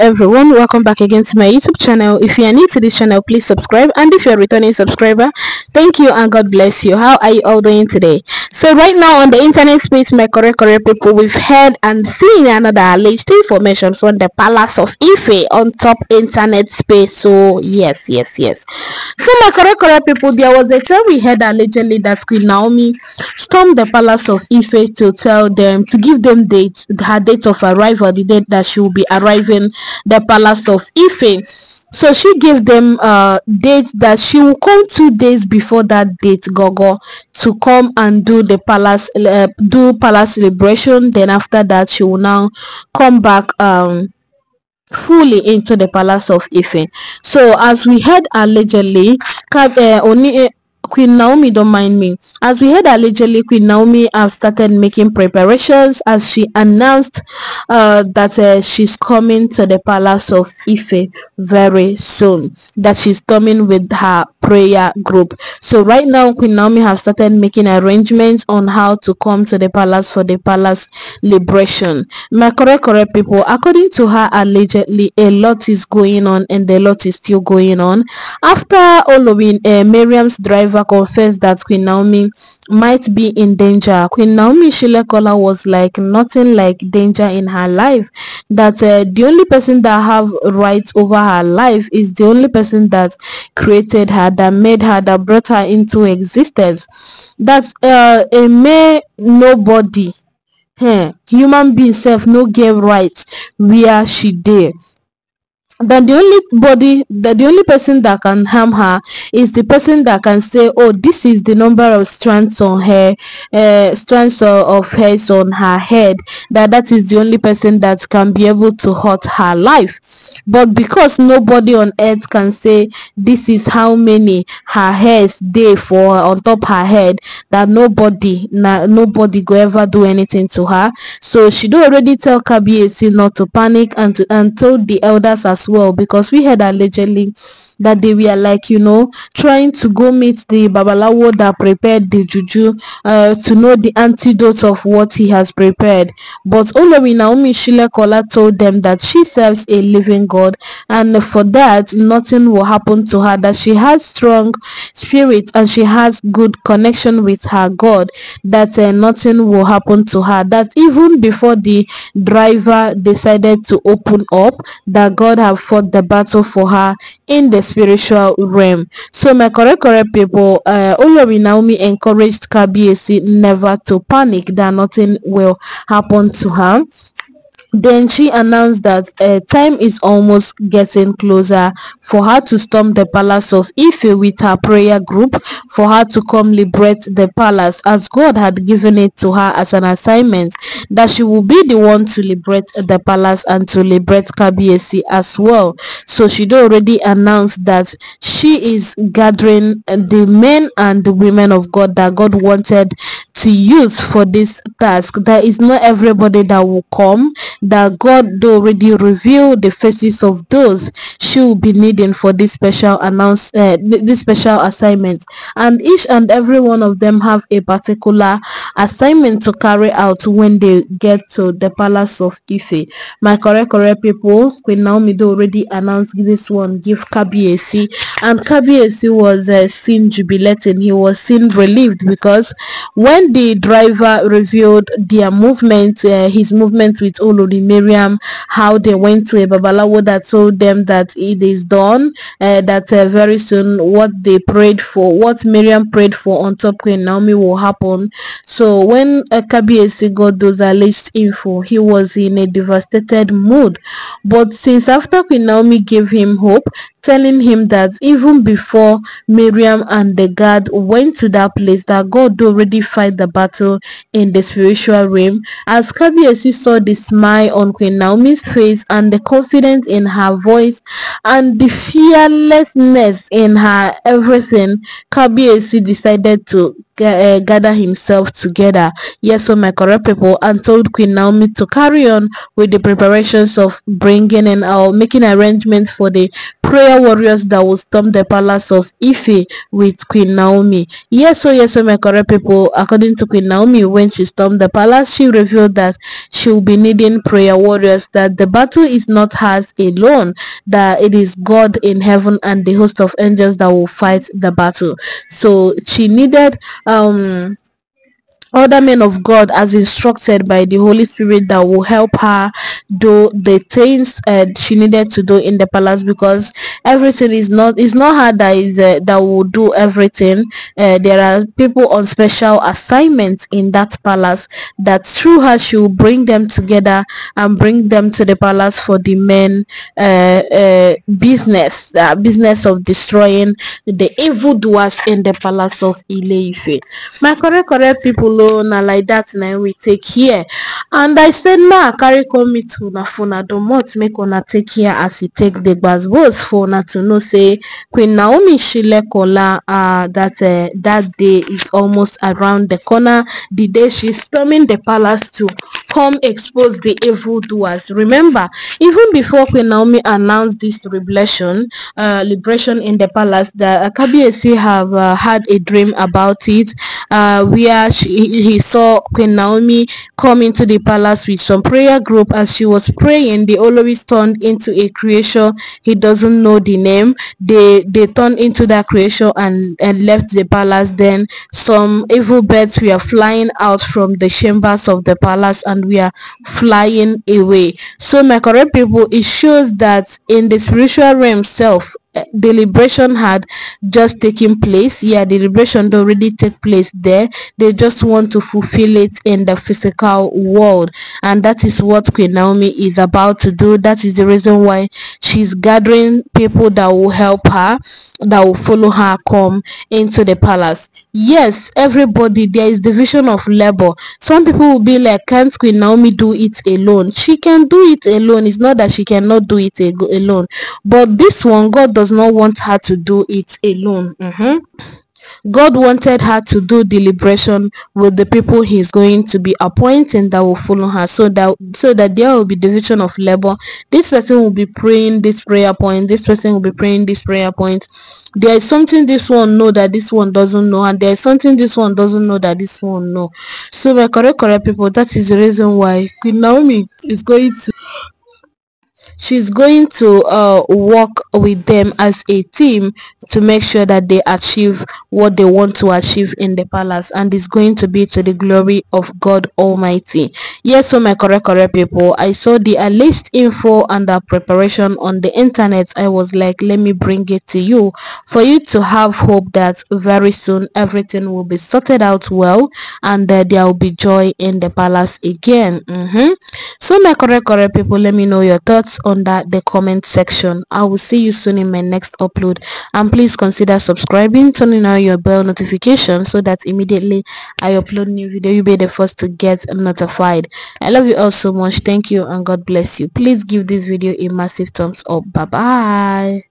everyone welcome back again to my youtube channel if you are new to this channel please subscribe and if you're a returning subscriber thank you and god bless you how are you all doing today so right now on the internet space my correct people we've heard and seen another alleged information from the palace of ife on top internet space so yes yes yes so my correct people there was a time we heard allegedly that queen naomi stormed the palace of ife to tell them to give them date her date of arrival the date that she will be arriving the palace of Ife. So she gave them a uh, date that she will come two days before that date, Gogo, to come and do the palace, uh, do palace celebration. Then after that, she will now come back. Um, fully into the palace of Ife. So as we heard allegedly, uh, Oni Queen Naomi don't mind me. As we heard allegedly, Queen Naomi have started making preparations as she announced uh, that uh, she's coming to the palace of Ife very soon. That she's coming with her prayer group. So right now, Queen Naomi have started making arrangements on how to come to the palace for the palace liberation. My correct, correct people, according to her allegedly, a lot is going on and a lot is still going on. After all uh, Miriam's driver Confess that Queen Naomi might be in danger. Queen Naomi Shilekola was like nothing like danger in her life. That uh, the only person that have rights over her life is the only person that created her, that made her, that brought her into existence. That's uh, a mere nobody. Huh. Eh, human being self no gave rights where she did then the only body that the only person that can harm her is the person that can say oh this is the number of strands on her uh, strands of hairs on her head that that is the only person that can be able to hurt her life but because nobody on earth can say this is how many her hairs there for on top her head that nobody na, nobody go ever do anything to her so she do already tell kabi not to panic and to and told the elders as well because we heard allegedly that they were like you know trying to go meet the babalawo that prepared the juju uh, to know the antidote of what he has prepared but Olori Naomi Shilekola told them that she serves a living God and for that nothing will happen to her that she has strong spirit and she has good connection with her God that uh, nothing will happen to her that even before the driver decided to open up that God have fought the battle for her in the spiritual realm. So my correct correct people, uh, Naomi encouraged Kabiesi never to panic that nothing will happen to her. Then she announced that uh, time is almost getting closer for her to storm the palace of Ife with her prayer group for her to come liberate the palace as God had given it to her as an assignment that she will be the one to liberate the palace and to liberate KBSC as well. So she already announced that she is gathering the men and the women of God that God wanted to use for this task. There is not everybody that will come that God already revealed the faces of those she will be needing for this special announce uh, this special assignment and each and every one of them have a particular assignment to carry out when they get to the palace of Ife. My correct correct people, Queen Naomi already announced this one, give KBAC and KBAC was uh, seen jubilating. He was seen relieved because when the driver revealed their movement, uh, his movement with Olu Miriam, how they went to a Babalawo that told them that it is done, uh, that uh, very soon what they prayed for, what Miriam prayed for on top Queen Naomi will happen. So when uh, eh, Kabiesi got those alleged info, he was in a devastated mood. But since after Queen Naomi gave him hope, telling him that even before Miriam and the guard went to that place, that God already fight the battle in the spiritual realm, as Kabiesi saw this man eye on Queen Naomi's face and the confidence in her voice and the fearlessness in her everything, Kabi decided to uh, gather himself together. Yes, so my correct people, and told Queen Naomi to carry on with the preparations of bringing and uh, making arrangements for the prayer warriors that will storm the palace of Ife with Queen Naomi. Yes, so yes, so my correct people, according to Queen Naomi, when she stormed the palace, she revealed that she will be needing prayer warriors, that the battle is not hers alone, that it is God in heaven and the host of angels that will fight the battle. So she needed uh, 嗯。other men of God as instructed by the Holy Spirit that will help her do the things uh, she needed to do in the palace because everything is not it's not her that is uh, that will do everything uh, there are people on special assignments in that palace that through her she will bring them together and bring them to the palace for the men uh, uh, business uh, business of destroying the evil doers in the palace of Ileife my correct correct people hello na like that, na we take here and i say now i carry come meet una for una domot make una take here as he take the dey gbazgbos for una to know say queen naomi shilekola uh, ah, that uh, that day is almost around the corner the day she's storming the palace to Come expose the evildoers. Remember, even before Queen Naomi announced this liberation, uh, liberation in the palace, the Akabiesi have uh, had a dream about it, uh, where she, he saw Queen Naomi come into the palace with some prayer group. As she was praying, they always turned into a creation. He doesn't know the name. They they turned into that creation and, and left the palace. Then some evil birds were flying out from the chambers of the palace and and we are flying away so my correct people it shows that in the spiritual realm self Eh, deliberation had just taken place yeah deliberation already take place there they just want to fulfill it in the physical world and that is what queen naomi is about to do that is the reason why she's gathering people that will help her that will follow her come into the palace yes everybody there is division of labor some people will be like can't queen naomi do it alone she can do it alone it's not that she cannot do it alone but this one god does not want her to do it alone. Mm-hmm. God wanted her to do deliberation with the people he's going to be appointing that will follow her so that so that there will be division of labor. This person will be praying this prayer point, this person will be praying this prayer point. There is something this one know that this one doesn't know, and there is something this one doesn't know that this one know. So the correct correct people, that is the reason why Queen Naomi is going to she's going to uh, work with them as a team to make sure that they achieve what they want to achieve in the palace and it's going to be to the glory of god almighty yes so oh my correct correct people i saw the least info and the preparation on the internet i was like let me bring it to you for you to have hope that very soon everything will be sorted out well and that there will be joy in the palace again mm -hmm. so my correct correct people let me know your thoughts thoughts under the comment section. I will see you soon in my next upload and please consider subscribing, turning on your bell notification so that immediately I upload new video you'll be the first to get notified. I love you all so much. Thank you and God bless you. Please give this video a massive thumbs up. Bye bye.